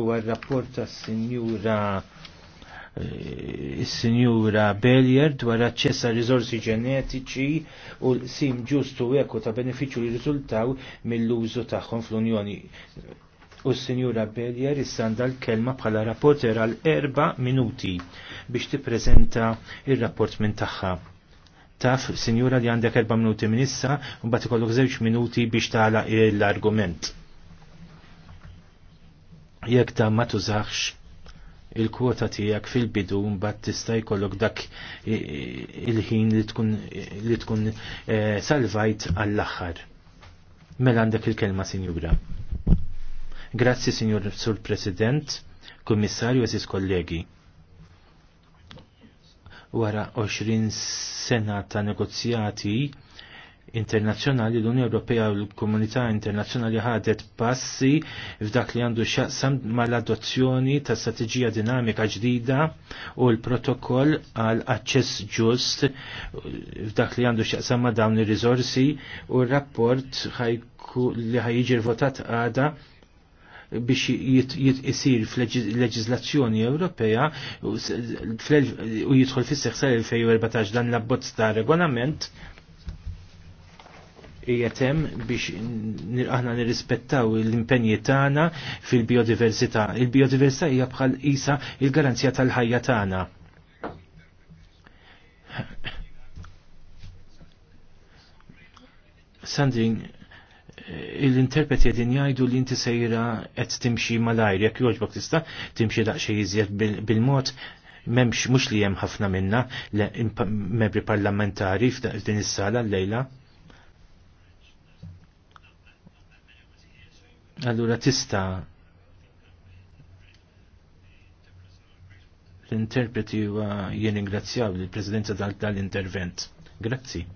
huwa r-rapport tas-Sinjura s eh, sinjura Bellier dwar aċċess għal ġenetiċi u l-sim ġustu eku ta' benefiċċju li rizultaw mill-użu tagħhom fl-Unjoni. U s-Sinjura Bellier issanda l-kelma bħala rapporter għal erba' minuti biex tippreżenta il rapport minn tagħha. Taf, Sinjura li għandek erba' minuti minn issa, u bat ikollok żewġ minuti biex tagħlaq l-argument jekk dan ma tużax il-kwota tiegħek fil-bidu mbagħad tista' jkollok dak il-ħin li tkun li tkun eh, salvajt għall-aħħar. Mela għandek il-kelma, Sinjura. Grazzi, Sinjur Sur President, Kummissarju, Aziz Kollegi wara 20 sena ta' negozjati internazzjonali l-Unjoni Ewropea u l-Komunità Internazzjonali ħadet passi f'dak li għandu xaqsam mal-adozzjoni ta' strateġija dinamika ġdida u l-protokoll għal aċċess ġust f'dak li għandu xaqsam ma' dawn ir-riżorsi u r-rapport li ħajġi votat għada biex jisir fl-leġizlazzjoni Ewropea u jidħol fis-seħsar 2014 dan l-abbozz ta' regolament jetem biex aħna nirrispettaw l-impenji tagħna fil-biodiversità. Il-biodiversità hija bħal isa il-garanzija tal-ħajja tagħna. Sandrin, l-interpreti għedin jajdu li inti sejra għed timxi mal-ajr, jek joġbok tista timxi daqxie jizjed bil-mod, memx mux li jem ħafna minna, membri parlamentari f'din is-sala l-lejla. Allura tista l-interpreti huwa jien ingrazzjaw lill-Presidenza tal-intervent. Grazzi.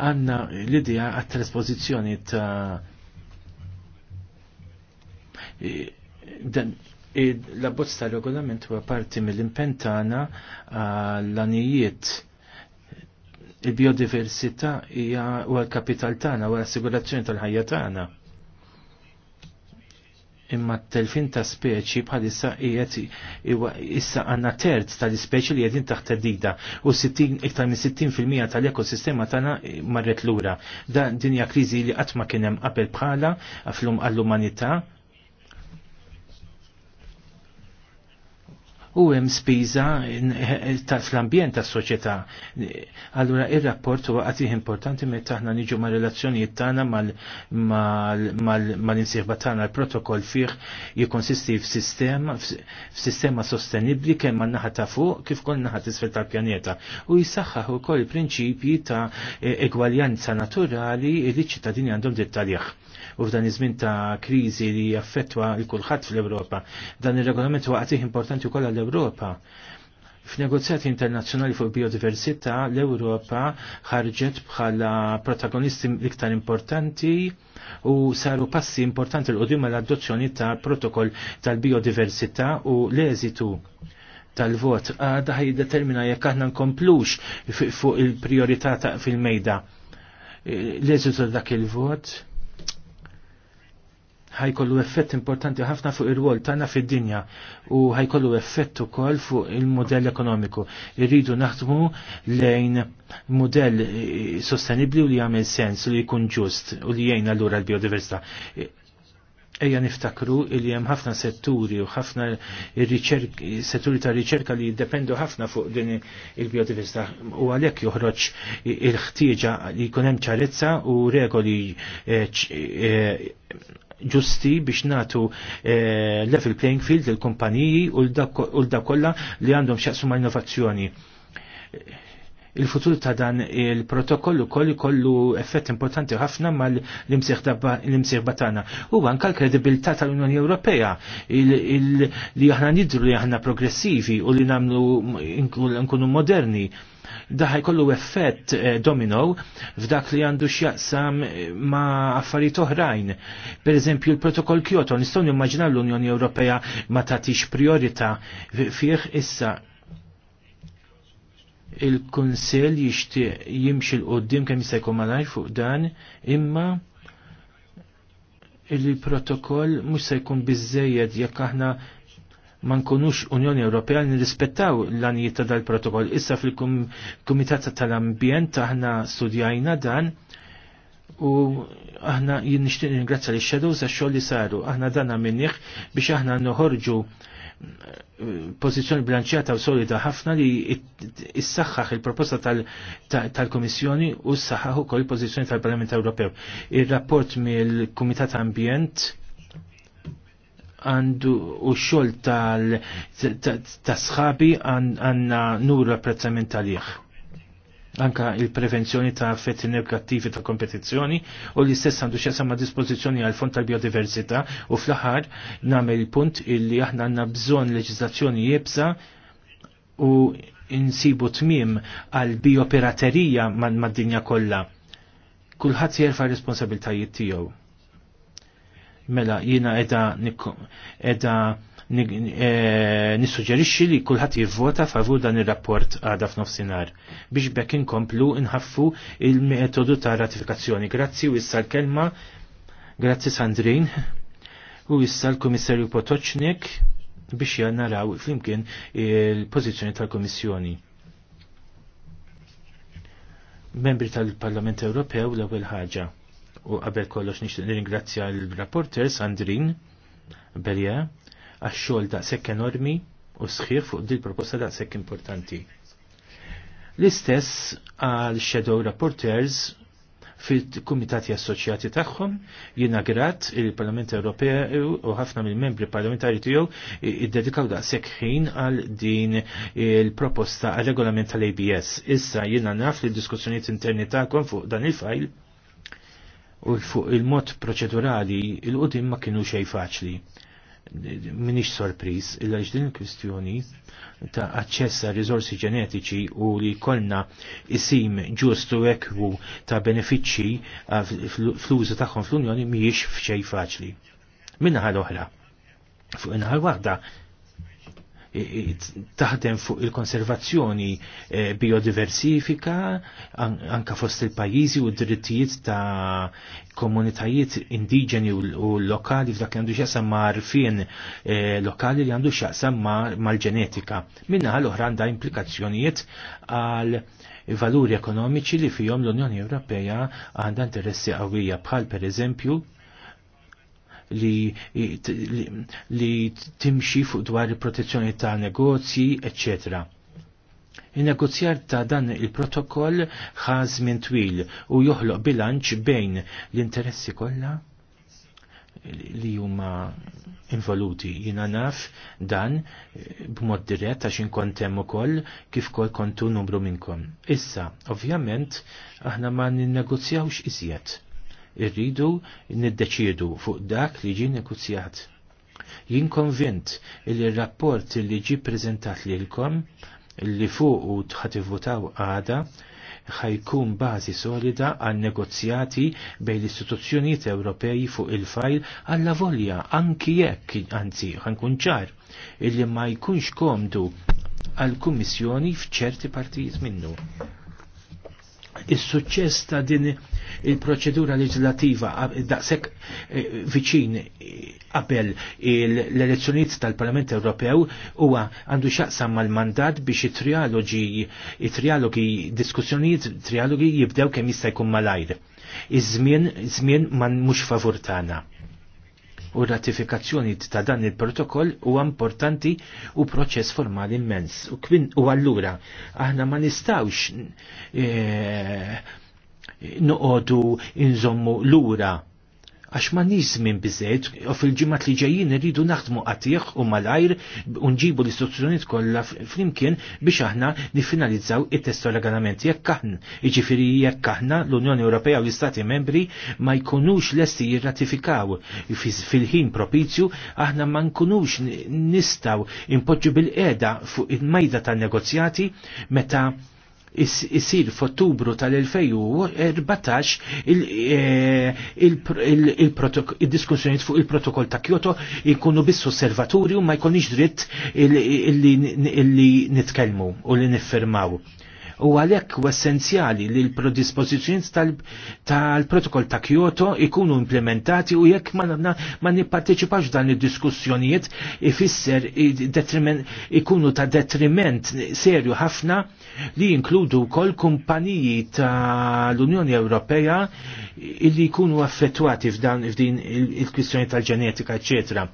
għanna l-idea għat trasposizjoni ta' l abbozz tal regolament huwa parti mill-impentana l-anijiet Il-biodiversità hija u l-kapital tagħna u l-assigurazzjoni tal-ħajja tagħna. Imma t-telfin ta' speċi bħalissa qiegħed issa għandna terz tal-ispeċi li qegħdin taħt terdida u iktar minn 60% tal-ekosistema tagħna marret lura. Dan dinja kriżi li qatt ma kien hemm qabel bħala għall-umanità u hemm spiża tal-ambjent tas-soċjetà. Allura ir-rapport huwa qatt importanti meta taħna niġu ma' relazzjonijiet tagħna mal-insieħba tagħna l-protokoll fih jikkonsisti f'sistema f'sistema sostenibbli kemm man naħa ta' fuq kif kol naħa tisfel tal-pjaneta u jisaħħaħ ukoll prinċipji ta' e-, egwaljanza naturali li ċ-ċittadini għandhom dittaljeħ u f'dan iż-żmien ta' kriżi li jaffettwa l kulħadd fl-Ewropa. Dan ir-regolament huwa importanti wkoll l ewropa F'negozjati internazzjonali fuq biodiversità l-Ewropa ħarġet bħala protagonisti iktar importanti u saru passi importanti l-qudiem l-adozzjoni ta' protokoll tal-biodiversità u l-eżitu tal-vot għada ħaj determina jekk aħna nkomplux fuq il-priorità fil-mejda. E, l-eżitu dak il-vot ħajkollu effett importanti ħafna fuq ir-rwol tagħna fid-dinja u ħajkollu effett ukoll fuq il-modell ekonomiku. Irridu naħdmu lejn modell eh, sostenibli u li jagħmel sens u li jkun ġust u li jgħin allura l-biodiversità. Ejja niftakru li hemm ħafna setturi u ħafna setturi ta' riċerka li jiddependu ħafna fuq din il-biodiversità u għalhekk joħroġ il-ħtieġa li jkun hemm ċarezza u regoli eh, eh, ġusti biex natu eh, level playing field il-kumpaniji u l-dakolla li għandhom xaqsu ma' innovazzjoni il-futur ta' dan il-protokollu kollu kollu effett importanti ħafna mal l-imsieħba tagħna. U anka l-kredibilità tal-Unjoni Ewropea li aħna nidru li aħna progressivi u li nagħmlu nkunu moderni daħaj kollu effett eh, domino f'dak li għandu x'jaqsam eh, ma' affarijiet oħrajn. Per eżempju l-protokoll Kyoto nistgħu nimmaġinaw l-Unjoni Ewropea ma tagħtix priorità fih issa il-Kunsell jixtieq jimxi l qoddim kemm jista' jkun fuq dan, imma il-protokoll mhux se jkun bizzejed jekk aħna ma nkunux Unjoni Ewropea nirrispettaw l-anijiet ta' dal-protokoll. Issa fil-Kumitat tal-Ambjent aħna studjajna dan u aħna jien nixtieq ringrazzja li shadows għax xogħol li saru. Aħna dan minniħ biex aħna noħorġu pozizjoni blanċjata u solida ħafna li issaħħaħ il-proposta tal-Komissjoni u s-saħħaħ u koll pozizjoni tal-Parlament Ewropew. Il-rapport mill-Kumitat Ambjent għandu u xol tal-sħabi għanna nur apprezzament tal-jieħ anka il-prevenzjoni ta' effetti negattivi ta' kompetizzjoni u li stess għandu xesa ma' dispozizjoni għal fond tal-biodiversità u fl-aħħar nagħmel punt illi aħna għandna bżonn leġiżlazzjoni jibsa u insibu tmiem għal bioperaterija mad-dinja kollha. Kulħadd jerfa' responsabiltajiet tiegħu. Mela jiena edha, qiegħda Eh, nissuġġerixxi li kulħadd jivvota favur dan ir-rapport għada f'nofsinhar biex bekk inkomplu nħaffu il-metodu ta' ratifikazzjoni. Grazzi u issa l-kelma, grazzi Sandrin, u issa l-Kummissarju Potocznik biex jannaraw flimkien il-pożizzjoni tal kummissjoni Membri tal-Parlament Ewropew l-ewwel ħaġa u qabel kollox nixtieq nirringrazzja l-rapporter Sandrin Belja għax-xogħol da' sekk enormi u sħiħ fuq dil proposta da' sekk importanti. L-istess għal shadow rapporteurs fil-kumitati assoċjati tagħhom jiena grat il-Parlament Ewropew u ħafna mill-membri parlamentari tiegħu iddedikaw daqshekk ħin għal din il-proposta għal regolament tal-ABS. Issa jiena naf li diskussjonijiet interni tagħkom fuq dan il-fajl u fuq il-mod proċedurali il-qudim ma kienu xej faċli minix sorpris illa ġdin din il-kwistjoni ta' aċċess għal ġenetiċi u li kolna isim ġustu ekwu ta' benefiċċji fl-użu tagħhom fl-Unjoni mhijiex f'xejn faċli. Minna ħal oħra. Fuq inħal waħda taħdem fuq il-konservazzjoni eh, biodiversifika anka fost il-pajjiżi u d-drittijiet ta' komunitajiet indiġeni u lokali f'dak li għandu x'jaqsam ma' arfien eh, lokali li għandu x'jaqsam mal-ġenetika. Minna l-oħra għandha implikazzjonijiet għal valuri ekonomiċi li fihom l-Unjoni Ewropea għandha interessi qawwija bħal pereżempju li, li timxi fuq dwar il-protezzjoni ta' negozji, eccetera. Il-negozjar ta' dan il-protokoll ħaz minn twil u joħloq bilanċ bejn l-interessi kollha li huma involuti. Jina naf dan b'mod dirett għax inkont hemm ukoll kif kol kontu numru minnkom. Issa, ovvjament, aħna ma ninnegozjawx iżjed irridu niddeċiedu fuq dak li ġi negozjat. Jien konvint li r-rapport li ġi prezentat lilkom li fuq u tħativutaw għada ħajkun bażi solida għal negozjati bej l-istituzzjonijiet Ewropej fuq il-fajl għalla volja anki jekk anzi ħankun ċar illi ma jkunx komdu għal kummissjoni f'ċerti partijiet minnu. Is-suċċess ta' din il-proċedura leġislativa daqsek eh, viċin eh, qabel l elezzjonijiet tal-Parlament Ewropew huwa għandu xaqsam mal-mandat biex it-trialogi, it-trialogi, diskussjonijiet, trialogi jibdew kemm jista' jkun malajr. Iż-żmien, żmien ma mhux favur tagħna u ratifikazzjoni ta' dan il-protokoll u importanti u proċess formali immens. U, kvin, u allura, aħna ma nistawx e, noqogħdu inżommu lura għax ma nizmin bizzejt, u fil-ġimat li ġejjin rridu naħdmu għatiħ u malajr unġibu l-istituzzjoniet kollha flimkien biex aħna nifinalizzaw it-testo regolamenti jekk aħna. Iġifieri jekk aħna l-Unjoni Ewropea u l-Istati Membri ma jkunux lesti jirratifikaw fil-ħin propizju aħna ma nkunux nistaw impoġġu bil-qeda fuq il-majda tan-negozjati meta isir f'Ottubru tal-2014 eh, il-diskussjoniet fuq il-protokoll ta' Kyoto jkunu biss osservatorju ma jkunix dritt li nitkellmu u li niffirmaw. U għalhekk u essenzjali li l-prodispożizzjoni tal-protokoll ta' Kyoto ikunu implementati u jekk ma nipparteċipax dan id-diskussjonijiet ifisser ikunu ta' detriment serju ħafna li jinkludu wkoll kumpaniji tal-Unjoni Ewropea li jkunu affettwati f'dan f'din il-kwistjoni tal-ġenetika, eccetera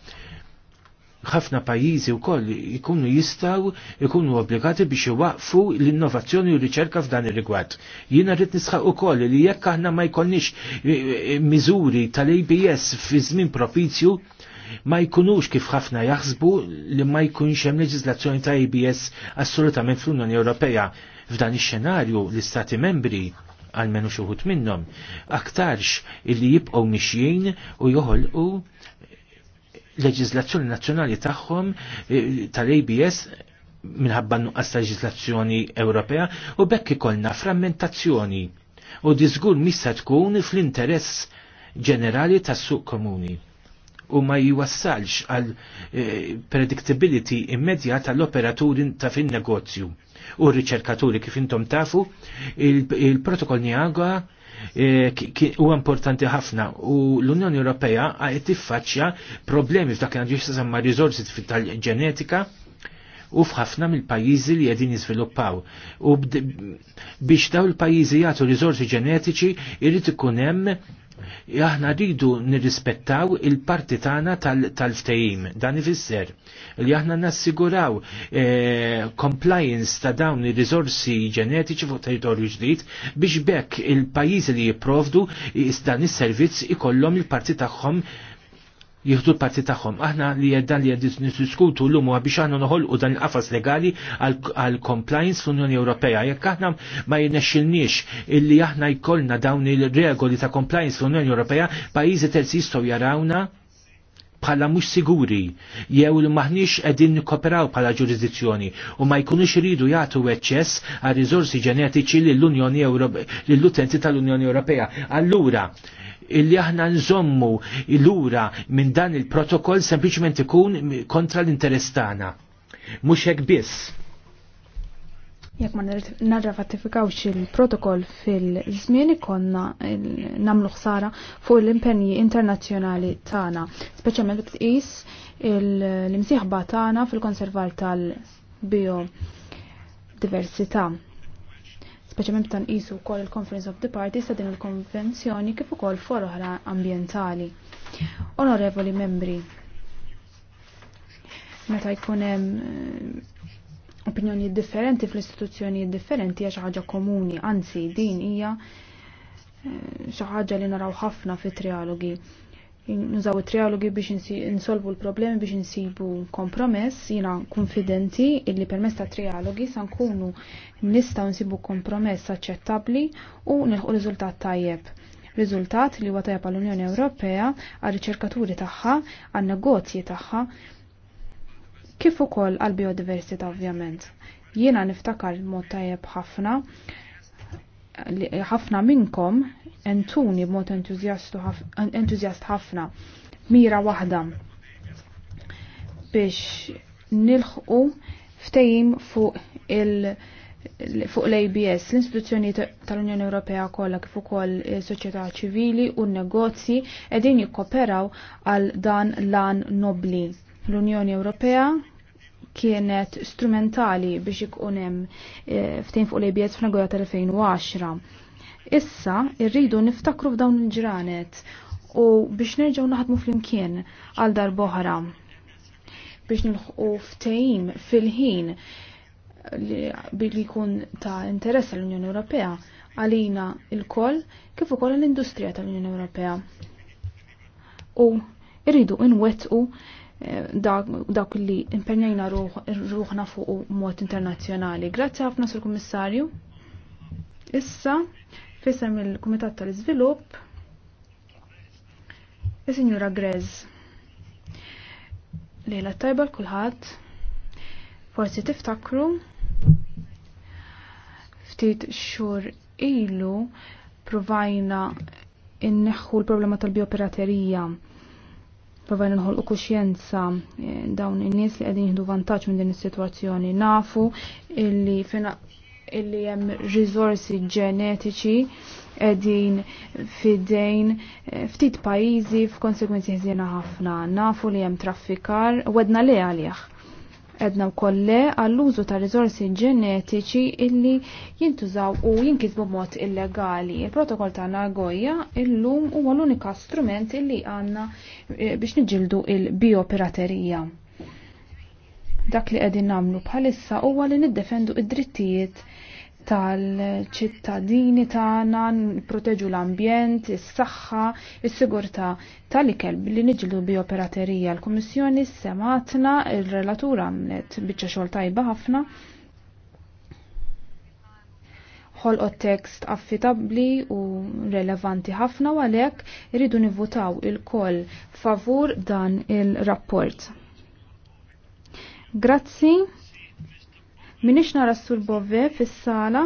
ħafna pajjiżi wkoll ikunu jistgħu jikunu obbligati biex iwaqfu l-innovazzjoni u riċerka f'dan ir-rigward. Jiena rrid nisħaq ukoll li jekk aħna ma jkollniex eh, eh, miżuri tal-ABS fi żmien propizju ma jkunux kif ħafna jaħsbu li ma jkunx hemm leġiżlazzjoni ta' ABS assolutament fl-Unjoni Ewropea. F'dan ix-xenarju l-Istati membri għalmenu xuħut minnom, aktarx illi jibqgħu mixjin u joħolqu leġizlazzjoni nazzjonali tagħhom eh, tal-ABS minħabba nuqqas leġizlazzjoni Ewropea u bekk ikollna frammentazzjoni u diżgur missa tkun fl-interess ġenerali tas-suq komuni u ma jwassalx għal eh, predictability immedjata tal-operaturi ta' fin negozju u r-riċerkaturi kif intom tafu il-protokoll il, Eh, u importanti ħafna u l-Unjoni Ewropea għajt tiffaċċja problemi f'dak li għandu jistasamma riżorsi tal-ġenetika u f'ħafna mill-pajjiżi li qegħdin jiżviluppaw. U biex daw il-pajjiżi jagħtu riżorsi ġenetiċi jrid ikun hemm aħna rridu nirrispettaw il-parti tagħna tal-ftehim. Tal dan ifisser li aħna nassiguraw e, compliance ta' dawn ir-riżorsi ġenetiċi fuq territorju ġdid biex bekk il-pajjiżi li jipprovdu dan is-servizz ikollhom il-parti tagħhom jihdu l-parti tagħhom. Aħna li jeddan li qed l-lumu huwa biex aħna noħolqu dan il-qafas legali għal compliance fl-Unjoni Ewropea. Jekk aħna ma jenexilniex illi aħna jkollna dawn il-regoli ta' compliance fl-Unjoni Ewropea, pajjiżi terzi jistgħu jarawna bħala mhux siguri jew li maħniex qegħdin nikkoperaw bħala ġurisdizzjoni u ma jkunux iridu jagħtu eċċess għal riżorsi ġenetiċi lill-Unjoni Ewropea lill-utenti tal-Unjoni Ewropea. Allura, illi aħna nżommu lura minn dan il-protokoll sempliċement ikun kontra l-interess tagħna. Mhux hekk biss. Jekk ma narrafatifikawx il-protokoll fil-żmien ikonna namlu ħsara fuq l-impenji internazzjonali tagħna, speċjalment tqis l-imsieħba tagħna fil-konservar tal-biodiversità speċjalment tan isu wkoll il-Conference of the Parties ta' din il-konvenzjoni kif ukoll for ambjentali. Onorevoli membri, meta jkun hemm eh, opinjoni differenti fl-istituzzjoni differenti hija xi ħaġa komuni, anzi din hija eh, xi ħaġa li naraw ħafna fit-trialogi nużaw it-trialogi biex insolvu l-problemi biex insibu kompromess, jina konfidenti illi permess ta' trialogi san kunu nistaw nsibu kompromess aċċettabli u nilħu riżultat tajjeb. Riżultat li huwa tajjeb għall-Unjoni Ewropea għal-riċerkaturi tagħha, għan-negozji tagħha, kif ukoll għal biodiversità ovvjament. Jiena niftakar mod tajjeb ħafna ħafna minnkom entuni b'mod entuzjast ħafna mira waħda biex nilħqu ftejim fuq il fuq l-ABS, l-istituzzjoni tal-Unjoni Ewropea kollha kif ukoll soċjetà ċivili u negozji qegħdin jikkoperaw għal dan lan nobli. L-Unjoni Ewropea kienet strumentali biex ikun hemm eh, fuq l-ABS fl-Angola tal-2010. Issa irridu niftakru f'dawn il-ġranet u biex nerġgħu naħdmu flimkien għal darboħra biex nilħqu ftehim fil-ħin li jkun ta' interess l-Unjoni Ewropea għalina il-koll kif ukoll l-industrija tal-Unjoni Ewropea. U irridu inwettqu Dak li impenjajna ruħna fuq mod internazzjonali. Grazzi ħafna sur kummissarju. Issa, fissem il-Kumitat tal-Iżvilupp, il signora Grez. Lejla tajba l-kulħadd, forsi tiftakru, ftit xur ilu provajna inneħħu l-problema tal bioperaterija Provajna nħolqu kuxjenza eh, dawn in-nies li qegħdin jieħdu vantaġġ minn din is-sitwazzjoni. Nafu illi fina illi hemm riżorsi ġenetiċi qegħdin fidejn eh, ftit pajizi f'konsegwenzi ħzina ħafna. Nafu li hemm traffikar, wedna li għalih edna wkoll għall-użu ta' rizorsi ġenetiċi illi jintużaw u jinkisbu mod illegali. Il-protokoll ta' Nagoya illum huwa l-unika strument illi għandna eh, biex niġildu il-biopiraterija. Dak li qegħdin nagħmlu bħalissa huwa li niddefendu id-drittijiet tal-ċittadini tagħna, proteġu l-ambjent, is-saħħa, is-sigurtà tal-ikel li niġlu bi operaterija. L-Kummissjoni sematna il-relatur għamlet biċċa xogħol tajba ħafna. Ħolqot tekst affitabbli u relevanti ħafna u għalhekk iridu nivvutaw il-koll favur dan il-rapport. Grazzi. Minix nara s-sur Bove fis-sala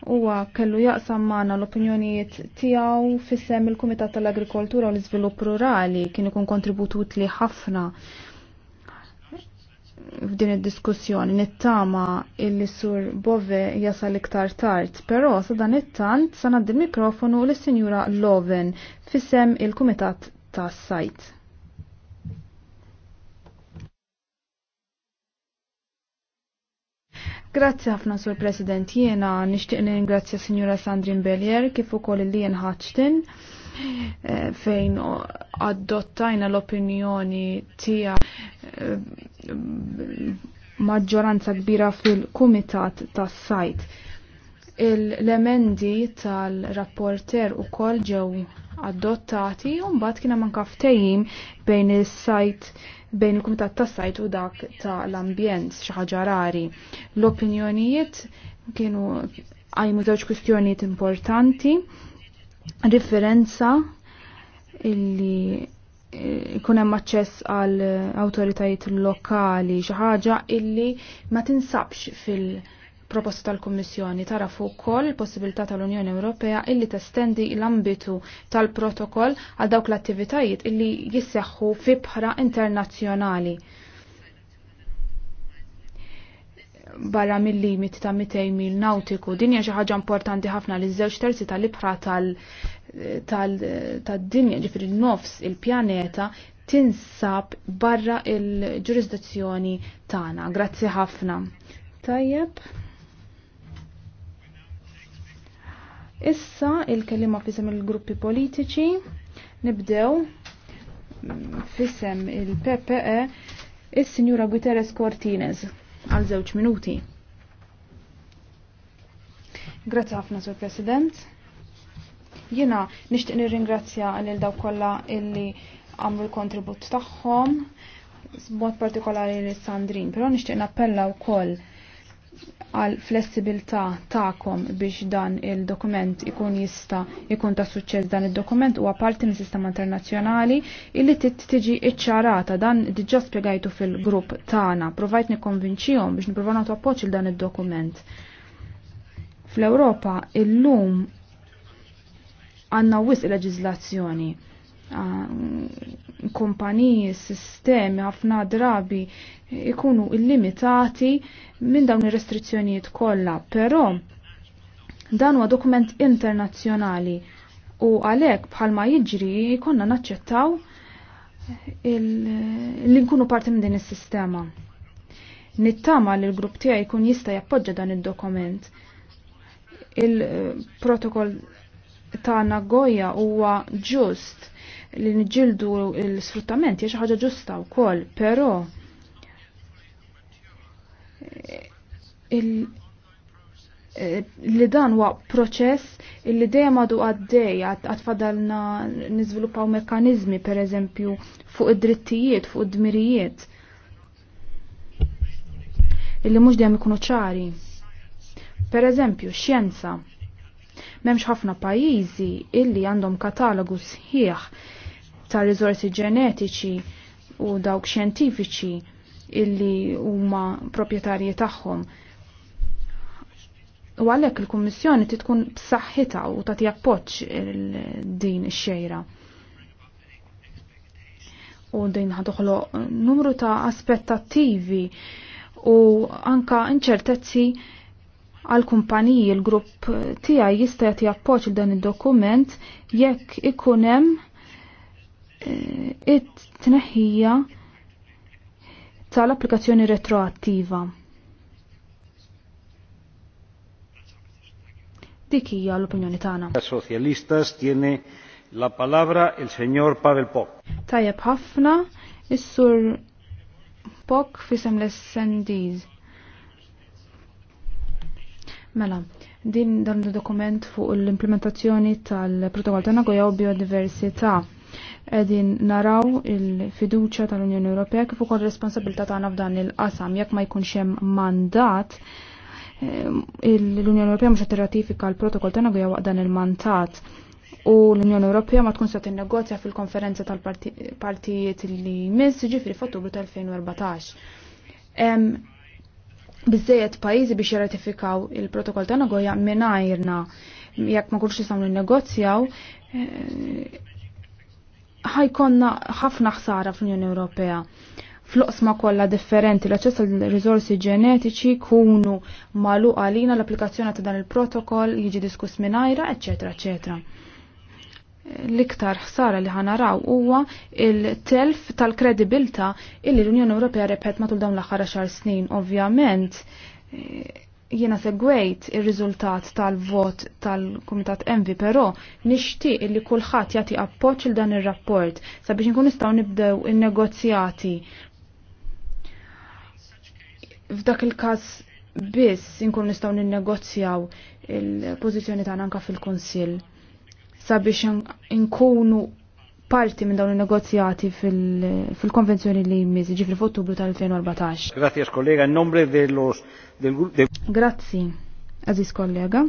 huwa kellu jaqsam maħna l-opinjonijiet tiegħu fil sem il-Kumitat tal-Agrikoltura u l-Iżvilupp Rurali kien ikun kontributut li ħafna f'din id-diskussjoni nittama illi sur Bove jasal iktar tard, però sa dan it-tant sa il mikrofonu lis-Sinjura Loven fissem sem il-Kumitat tas-Sajt. Grazzi ħafna sur President, jiena nixtieq ningrazzja Sinjura Sandrin Bellier kif ukoll il-lien eh, fejn adottajna l-opinjoni tija eh, maġġoranza kbira fil-kumitat tas sajt L-emendi tal-rapporter u kol ġew adottati un bat kiena manka ftejim bejn il-sajt bejn il-Kumitat tas sajt u dak ta' l-ambjent xi ħaġa rari. L-opinjonijiet kienu għajmu żewġ kwistjonijiet importanti, riferenza illi eh, ikun hemm aċċess għal awtoritajiet lokali xi ħaġa illi ma tinsabx fil- proposta tal-Kommissjoni tara fuq koll il-possibilità tal-Unjoni Ewropea illi testendi l-ambitu tal-protokoll għal dawk l-attivitajiet illi jisseħħu fi bħra internazzjonali. barra mill-limit ta' 200 mil nautiku. Din hija xi ħaġa importanti ħafna li żewġ terzi tal-ibħra tal-dinja, ġifieri nofs il-pjaneta tinsab barra il-ġurisdizzjoni tagħna. Grazzi ħafna. Tajjeb. Issa il-kelima fisem il-gruppi politiċi nibdew fisem il-PPE il-Sinjura Guterres Cortines għal żewġ minuti. Grazzi ħafna, Sur President. Jena nixtieq nirringrazzja lil daw kollha illi għamlu l-kontribut tagħhom b'mod partikolari lil Sandrin, però nixtieq nappella wkoll għal flessibilità ta'kom biex dan il-dokument ikun jista ikun ta' suċċess dan il-dokument huwa parti minn sistema internazzjonali illi tiġi iċċarata dan diġà spjegajtu fil-grupp tagħna. Provajt nikkonvinċihom biex nippruvaw nagħtu appoġġ il dan il-dokument. Fl-Ewropa għanna għandna wisq leġiżlazzjoni ah, kumpaniji sistemi ħafna drabi ikunu illimitati minn dawn ir-restrizzjonijiet kollha, però dan huwa dokument internazzjonali u għalhekk bħalma jiġri jkollna naċċettaw li nkunu parti minn din is-sistema. Nittama li l-grupp tiegħi jkun jista' jappoġġa dan id-dokument. Il-protokoll ta' Nagoya huwa ġust li nġildu l-sfruttament hija xi ħaġa ġusta wkoll, però li dan huwa proċess illi dejjem għadu għaddej għatfadalna niżviluppaw mekkaniżmi pereżempju fuq id-drittijiet, fuq id-dmirijiet illi mhux dejjem ikunu ċari. Pereżempju, xjenza. M'hemmx ħafna pajjiżi illi għandhom katalogu sħiħ ta' rizorsi ġenetiċi u dawk xjentifiċi illi huma proprjetarji tagħhom. U għalhekk il-Kummissjoni titkun b'saħħitha u tagħti appoġġ din ix-xejra. U din ħadoħloq numru ta' aspettattivi u anka inċertezzi għal kumpaniji l-grupp tiegħi jista' jagħti appoġġ dan id-dokument jekk ikun hemm Eh, it-tneħħija tal-applikazzjoni retroattiva. Dik hija l-opinjoni tagħna. Socialistas tiene la palabra il señor Pavel Pok. Tajjeb ħafna, is-sur Pok fisem l-Sendiz. Mela, din dan dokument fuq l-implementazzjoni tal-protokoll ta' Nagoya u biodiversità Edin naraw il-fiduċa tal-Unjoni Ewropea kif ukoll responsabilità tagħna f'dan il-qasam jekk ma jkunx hemm mandat eh, l-Unjoni Ewropea mhux qed tirratifika l-protokoll tagħna għeja waqt dan il-mandat u l-Unjoni Ewropea ma tkun se tinnegozja fil-konferenza tal-partijiet li jmiss ġifri f'Ottubru tal-2014 bizzejet pajjiżi biex jirratifikaw il-protokoll ta' Nagoya mingħajrna jekk ma kurx jisamlu negozjaw eh, ħajkonna ħafna ħsara fl-Unjoni Ewropea fl kollha differenti l-aċċess għal riżorsi ġenetiċi jkunu malu għalina l-applikazzjoni ta' dan il-protokoll jiġi diskuss minajra, eċetera, eċetera. L-iktar ħsara li ħanaraw huwa il-telf tal-kredibilta illi l-Unjoni Ewropea repet matul dawn l-aħħar xar snin, ovvjament jiena segwejt il riżultat tal-vot tal-Kumitat Envi, però nixtieq li kulħadd jagħti appoġġ il dan ir-rapport sabiex nkun nistgħu nibdew in-negozjati. F'dak il-każ biss inkun nistgħu ninnegozjaw il-pożizzjoni tagħna anke fil-Kunsill sabiex inkunu parti minn dawn il-negozjati fil-konvenzjoni li jmiss, ġifri f'Ottubru tal-2014. Grazie, kollega, in nombre dellos... Grazie, Grazzi, aziz kollega.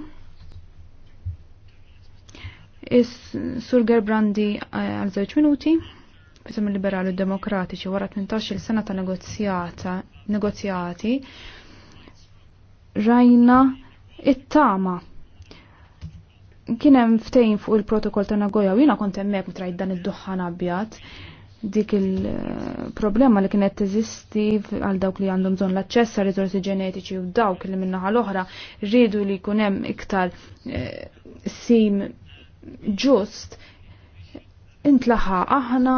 Is Sur Gerbrandi eh, għal żewġ minuti, bisem il-liberali demokratiċi wara 18 il sena ta' negozjata, negozjati, rajna it-tama kien hemm ftejn fuq il-protokoll ta' Nagoya u jiena kont hemmhekk meta rajt dan id-duħħan abjad dik il-problema li kienet teżisti għal dawk li għandhom bżonn l-aċċess għal riżorsi ġenetiċi u dawk li minnaħa l-oħra rridu li jkun hemm iktar eh, sim ġust intlaħa aħna,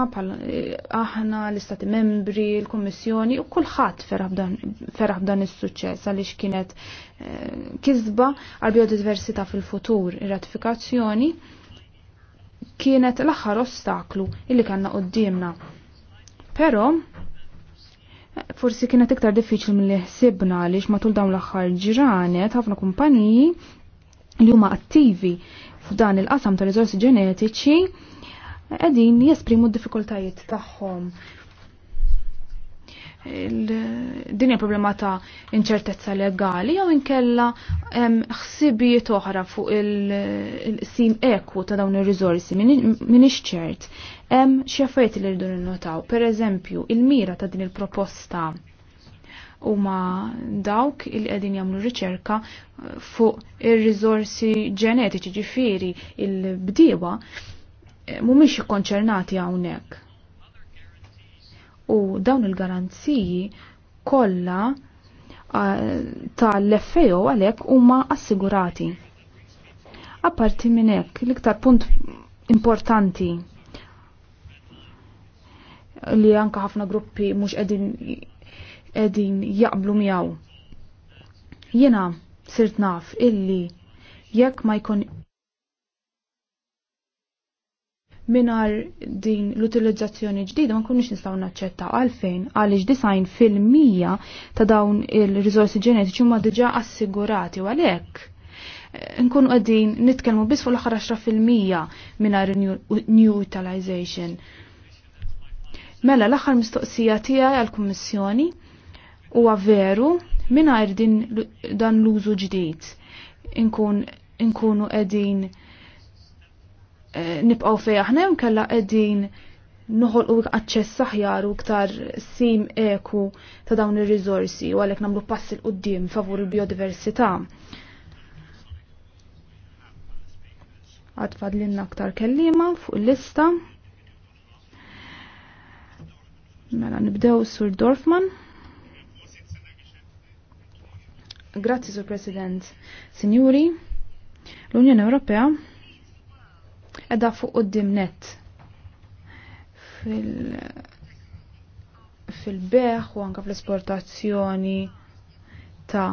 aħna l-istati membri, l-kommissjoni u kullħat ferraħ dan is-suċċess għaliex kienet eh, kisba għal biodiversità fil-futur ir-ratifikazzjoni kienet l-aħħar ostaklu illi kanna qoddimna. Però eh, forsi kienet iktar diffiċli mill-li ħsibna għaliex matul dawn l-aħħar ġranet ħafna kumpaniji li huma attivi f'dan il-qasam ta' riżorsi ġenetiċi qegħdin jesprimu d-diffikultajiet tagħhom. Din hija problema ta' inċertezza legali jew inkella ħsibijiet oħra fuq il-sim ekku ta' dawn ir-riżorsi min ċert. Hemm xi affarijiet li rridu ninnotaw, pereżempju il-mira ta' din il-proposta huma dawk il qegħdin jagħmlu riċerka eh, fuq ir-riżorsi ġenetiċi ġifieri il-bdiewa Eh, mhumiex ikkonċernati hawnhekk. U dawn il-garanziji kollha eh, tal-FAO għalhekk huma assigurati. Apparti minn hekk, l-iktar punt importanti li anka ħafna gruppi mhux qegħdin qegħdin jaqblu miegħu. Jiena sirt naf illi jekk ma jkun minar din l-utilizzazzjoni ġdida ma nkunux nistgħu naċċetta għalfejn għaliex design fil-mija ta' dawn il-riżorsi ġenetiċi huma diġà assigurati u għalhekk nkunu qegħdin nitkellmu biss fuq l-aħħar 10% mingħajr new utilization. Mela l-aħħar mistoqsija tiegħi għall-Kummissjoni huwa veru mingħajr din dan l-użu ġdid. Inkun inkunu qegħdin nibqaw fej aħna hemm kellha qegħdin noħolqu aċċess s'aħjar u iktar sim eku ta' dawn ir rizorsi u għalhekk nagħmlu passi l qudiem favur il-biodiversità. l fadlinna aktar kellima fuq il-lista. Mela nibdew Sur Dorfman. Grazzi Sur President. Signori, l-Unjoni Ewropea edha fuq qoddim net fil fil-beħ u anka fl-esportazzjoni ta'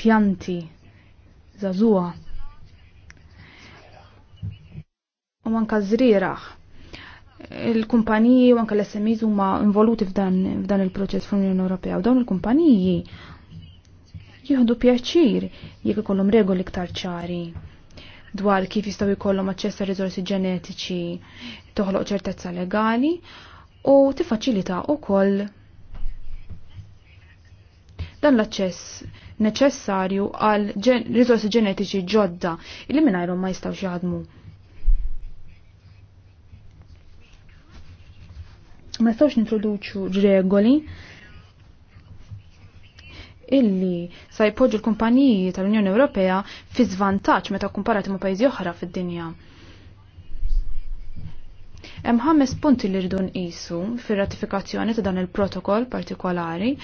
pjanti zazua u anka zriraħ il-kumpaniji u anka l-SMEs huma involuti f'dan, f'dan il-proċess fl-Unjoni Ewropea u dawn il-kumpaniji jieħdu pjaċir jekk ikollhom regoli iktar ċari dwar kif jistgħu jkollhom aċċess riżorsi ġenetiċi toħloq ċertezza legali u tiffaċilita wkoll dan l-aċċess neċessarju għal riżorsi ġenetiċi ġodda illi mingħajrhom ma jistgħux jaħdmu. Ma jistgħux nintroduċu regoli illi sa jpoġu l-kumpaniji tal-Unjoni Ewropea fi zvantaċ meta kumparat ma' pajjiżi oħra fid-dinja. Hemm ħames punti li rridu nqisu fir-ratifikazzjoni ta' dan il-protokoll partikolari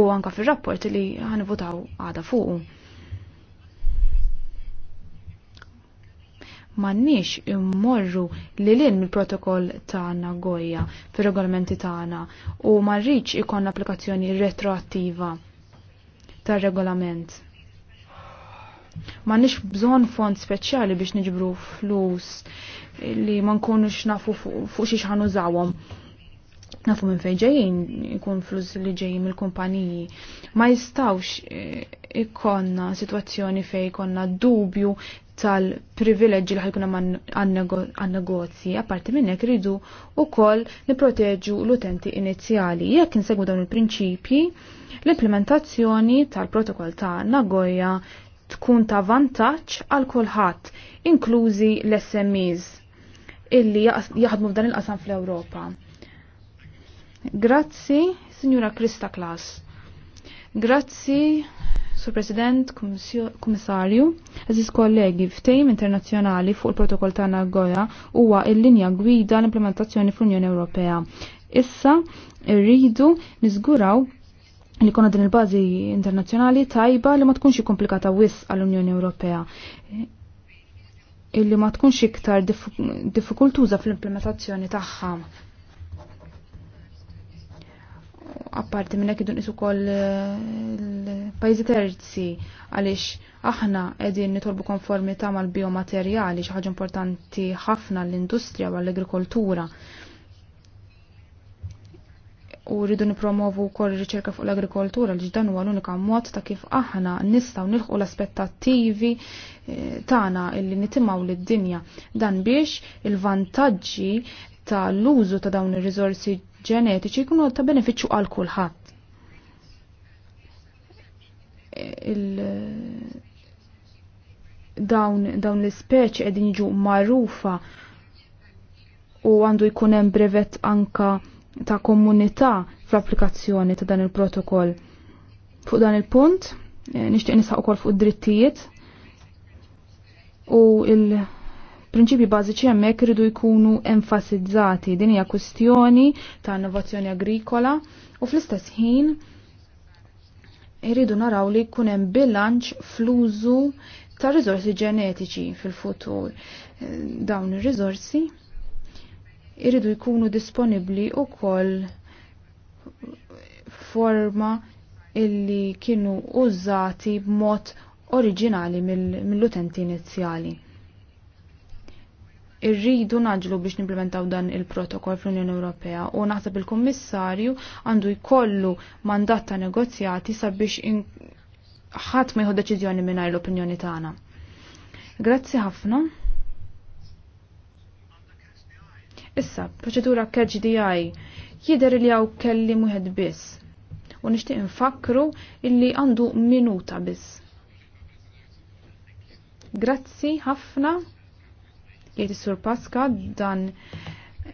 u anka fir-rapport li ħanivutaw għada fuqu. mannix immorru li lin mill-protokoll tagħna Nagoya fir-regolamenti tagħna u ma rridx ikon applikazzjoni retroattiva tar-regolament. Ma nix bżon fond speċjali biex niġbru flus li ma nkunux nafu fuq xiex ħanużawhom. Nafu minn fejn ġejjin ikun flus li ġejjin mill-kumpaniji. Ma jistawx eh, ikonna situazzjoni fej ikonna dubju tal-privileġġi li ħajkun għan-negozji, apparti minnek ridu u koll niproteġu l-utenti inizjali. Jekk insegwu dawn il-prinċipji, l-implementazzjoni tal-protokoll ta' Nagoya tkun ta' vantaġġ għal kulħadd, inklużi l-SMEs illi jaħdmu f'dan il-qasam fl-Ewropa. Grazzi, Signora Krista Klas. Grazzi, Sur President, Kummissarju, eżis kollegi, ftejm internazzjonali fuq il-protokoll ta' Nagoya huwa il-linja gwida l-implementazzjoni fl-Unjoni Ewropea. Issa rridu niżguraw li konna din il-bażi internazzjonali tajba li ma tkunx komplikata wis għall-Unjoni Ewropea illi ma tkunx iktar diffikultuża fl-implementazzjoni tagħha apparti minn hekk isu kol eh, l-pajjiżi terzi għaliex aħna qegħdin nitolbu konformità mal-biomaterjali xi ħaġa importanti ħafna l-industrija u l-agrikoltura. U rridu nipromovu wkoll riċerka fuq l-agrikoltura l dan huwa l-unika mod ta' kif aħna nistgħu nilħu l-aspettattivi eh, tagħna illi nitimaw lid-dinja dan biex il-vantaġġi ta' l-użu ta' dawn ir-riżorsi ġenetiċi jkunu ta' benefiċċju għal kulħadd. dawn dawn l-ispeċi qegħdin jiġu magħrufa u għandu jkun hemm brevet anka ta' komunità fl-applikazzjoni ta' dan il-protokoll. Fuq dan il-punt, eh, nixtieq nisaq ukoll fuq id-drittijiet u il- prinċipji bażiċi hemmhekk iridu jkunu enfasizzati din hija kwistjoni ta' innovazzjoni agrikola u fl-istess ħin iridu naraw li jkun hemm bilanċ fl-użu ta' riżorsi ġenetiċi fil-futur. Dawn ir-riżorsi iridu jkunu disponibbli wkoll forma illi kienu użati b'mod oriġinali mill-utenti inizjali irridu naġlu biex nimplementaw dan il-protokoll fl-Unjoni Ewropea u naħseb il-Kummissarju għandu jkollu mandat ta' negozjati sabiex ħadd ma jieħu deċiżjoni mingħajr l-opinjoni tagħna. Grazzi ħafna. Issa, proċedura KGDI jider li għaw kelli muħed biss u nishtiq nfakru illi għandu minuta biss. Grazzi ħafna jgħid is-Sur Paska dan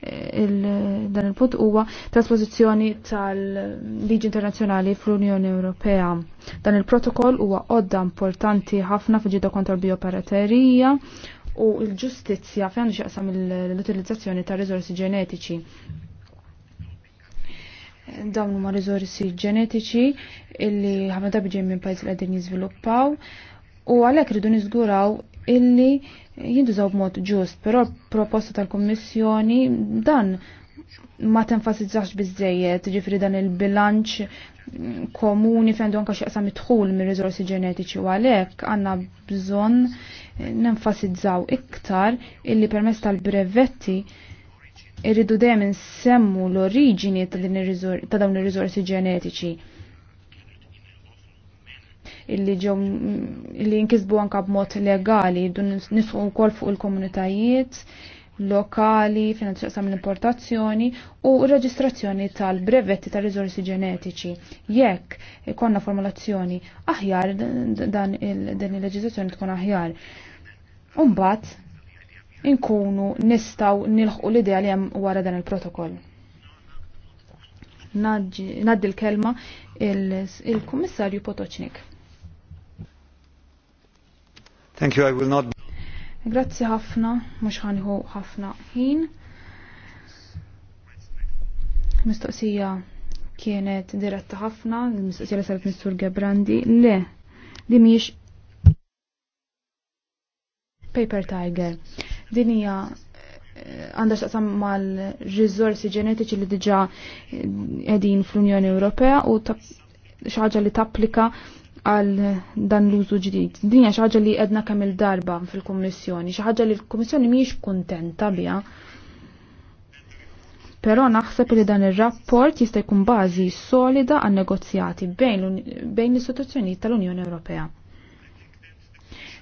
eh, dan il-punt huwa trasposizjoni tal-liġi internazzjonali fl-Unjoni Ewropea. Dan il-protokoll huwa għodda importanti ħafna fil-ġidda kontra l-bioparaterija u l-ġustizzja fejn xaqsam l-utilizzazzjoni ta' rizorsi ġenetiċi. Dawn huma rizorsi ġenetiċi illi ħafna darbi ġejjin minn pajjiż li qegħdin jiżviluppaw u għalhekk ridu niżguraw illi jindużaw b'mod ġust, però proposta tal-Kommissjoni dan ma tenfasizzax bizzejiet, ġifri dan il-bilanċ mm, komuni fejn anka xieqsam idħul mir riżorsi ġenetiċi u għalhekk għandna bżonn eh, nenfasizzaw iktar illi permezz tal-brevetti irridu dejjem insemmu l-oriġini ta' dawn ir-riżorsi ġenetiċi illi ġew illi jinkisbu anka b'mod legali dun nisqu wkoll fuq il-komunitajiet lokali fejn mill importazzjoni u r-reġistrazzjoni tal-brevetti tal-riżorsi ġenetiċi. Jekk ikonna formulazzjoni aħjar dan il-leġiżlazzjoni tkun aħjar. Umbat, inkunu nistaw nilħu l-idea li hemm wara dan il-protokoll. Naddi l-kelma il-Kummissarju Potoċnik. Thank you, I will not... Grazzi ħafna, mux ħaniħu ħafna ħin. Mistoqsija kienet diretta ħafna, mistoqsija li saret Mistur Gebrandi, le, di miex Paper Tiger. Din hija eh, għandha xaqsam mal-riżorsi ġenetiċi li diġà qegħdin eh, fl-Unjoni Ewropea u xaġa li tapplika għal dan l-użu ġdid. Din hija xi ħaġa li edna kemm il-darba fil-Kummissjoni, xi ħaġa li l-Kummissjoni mhijiex kuntenta biha. Però naħseb li dan ir-rapport jista' jkun bażi solida għan negozjati bejn l-istituzzjonijiet tal-Unjoni Ewropea.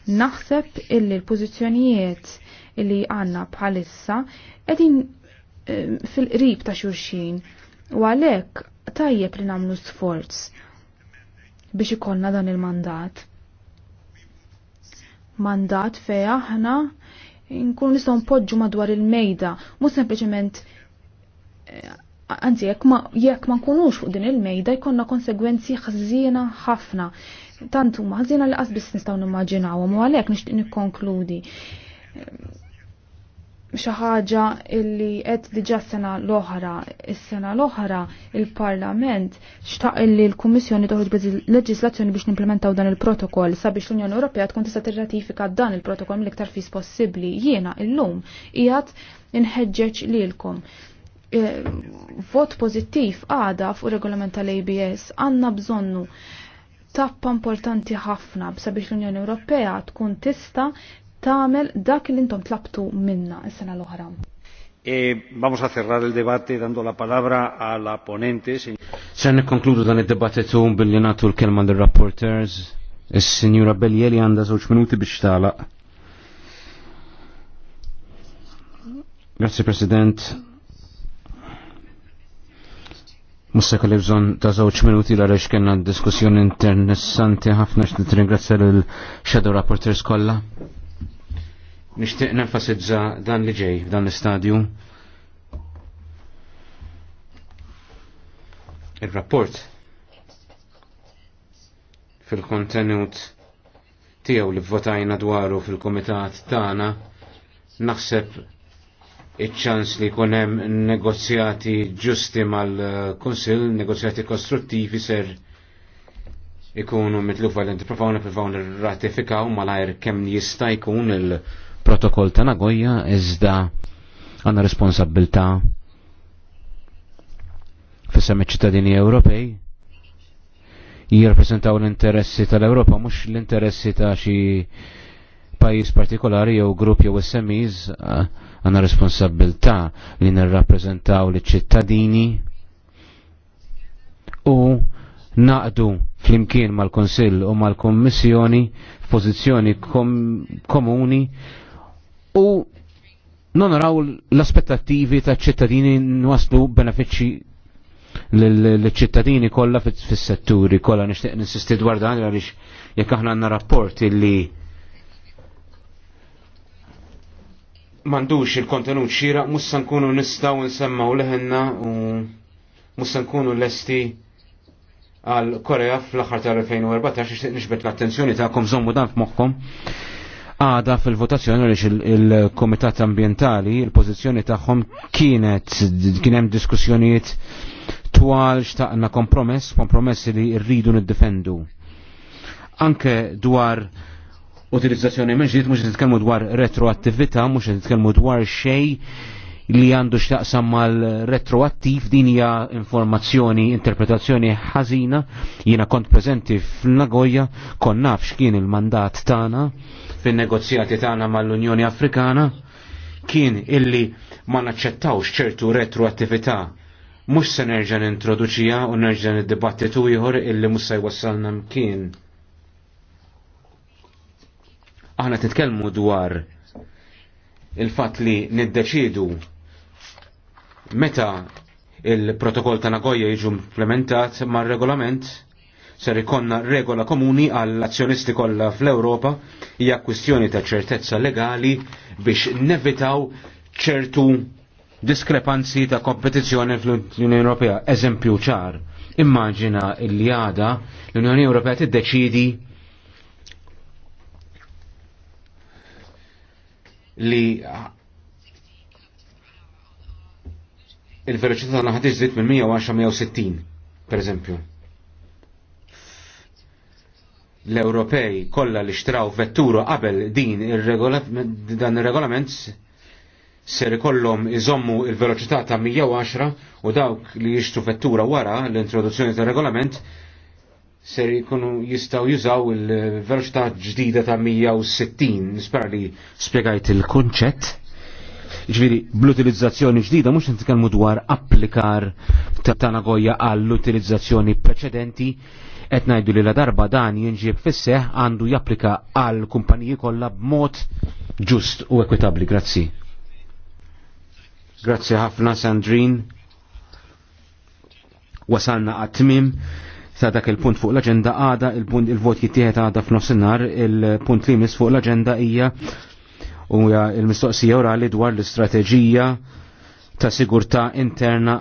Naħseb illi l-pożizzjonijiet illi għandna bħalissa qegħdin eh, fil-qrib ta' xulxin u għalhekk tajjeb li nagħmlu sforz biex ikollna dan il-mandat. Mandat fej aħna nkun nistgħu npoġġu madwar il-mejda, mhux sempliċement eh, anzi jekk ma jekk ma nkunux fuq din il-mejda jkollna konsegwenzi ħażina ħafna. Tant huma ħażina li biss nistgħu nimmaġinawhom u għalhekk nixtieq nikkonkludi xaħġa ħaġa għed qed s sena l-oħra, is-sena l-oħra il-Parlament xtaq illi l-Kummissjoni toħroġ bi leġislazzjoni biex nimplementaw dan il-protokoll sabiex l-Unjoni Ewropea tkun tista' tirratifika dan il-protokoll mill-iktar fis possibbli. Jiena illum qiegħed inħeġġeġ lilkom e, vot pożittiv għada fuq regolament tal-ABS għandna bżonnu tappa importanti ħafna sabiex l-Unjoni Ewropea tkun tista tamel dak li intom tlabtu minna is-sena l-oħra. Eh, vamos a cerrar il debate dando la palabra a la ponente. Se ne konkludu dan debate debattitu billi natu l-kelma del rapporters il signora Bellieli għanda żewġ minuti biex tala. Grazie President. Musa kalibżon ta' zawċ minuti la' rex kena diskussjoni interessanti ħafna x'nitringrazzja lill shadow Rapporters kollha Nishtiq nenfasizza dan li ġej f'dan l-istadju. Il-rapport fil-kontenut tiegħu li votajna dwaru fil-komitat tagħna naħseb iċ-ċans li jkun hemm negozjati ġusti mal-Kunsill, negozjati kostruttivi ser ikunu mitlufa l-inti profawna profawna ratifikaw malajr kemm jista' jkun il- protokoll ta' Nagoya iżda għanna responsabilta fissam ċittadini Ewropej jirrepresentaw l-interessi tal europa mux l-interessi ta' xi pajis partikolari jew grupp jew SMEs għanna responsabilta li nirrappresentaw l ċittadini u naqdu flimkien mal konsil u mal-Kommissjoni f'pożizzjoni kom komuni u naraw l-aspettativi ta' ċittadini nwaslu benefiċċji l-ċittadini kollha fis-setturi kollha nixtieq ninsisti dwar dan għaliex jekk aħna għanna rapport illi m'għandux il-kontenut xira mhux se nkunu nistgħu nsemmaw leħenna u mhux se nkunu lesti għal Korea fl-aħħar tal-2014 nixbet l-attenzjoni tagħkom żommu dan f'moħħkom għada fil-votazzjoni li il-Komitat Ambientali, il-pozizjoni tagħhom kienet kien hemm diskussjonijiet twal xtaqna kompromess, kompromessi li rridu niddefendu. Anke dwar utilizzazzjoni meġdiet mhux nitkellmu dwar retroattività, mhux nitkellmu dwar xej li għandu xtaqsam mal-retroattiv din hija informazzjoni, interpretazzjoni ħażina, jiena kont preżenti f'Nagoya, kon naf x'kien il-mandat tagħna fin-negozjati tagħna mal-Unjoni Afrikana, kien illi ma naċċettawx ċertu retroattività mhux se nerġa nintroduċija u nerġa niddibattitu ieħor illi mhux se jwassalna mkien. Aħna titkellmu dwar il-fatt li niddeċidu meta il-protokoll ta' Nagoya jiġu implementat mar regolament ser ikonna regola komuni għall azzjonisti kollha fl-Ewropa hija kwistjoni ta' ċertezza legali biex nevitaw ċertu diskrepanzi ta' kompetizzjoni fl-Unjoni Ewropea. Eżempju ċar, immaġina li għada l-Unjoni Ewropea tiddeċidi li il-veloċità tagħna ħad iżdied minn 110-160, pereżempju. L-Ewropej kollha li xtraw vettura qabel din dan ir-regolament ser ikollhom iżommu il-veloċità ta' 110 u dawk li jixtru vettura wara l-introduzzjoni tar-regolament ser jkunu jistaw jużaw il-veloċità ġdida ta' 160. Nispera li spjegajt il-kunċett. Ġviri, bl-utilizzazzjoni ġdida mux nitkellmu dwar applikar ta' nagoja għall-utilizzazzjoni preċedenti qed ngħidu li la darba dan jinġib fisseħ għandu japplika għall kumpaniji kollha b'mod ġust u ekwitabli. Grazzi. Grazzi ħafna Sandrin. Wasalna għat-tmim sa dak il-punt fuq l-agenda għada, il-punt il-vot jittieħed għada f'nofsinhar, il-punt li mis fuq l-agenda hija u l mistoqsija orali dwar l-istrateġija ta' sigurtà interna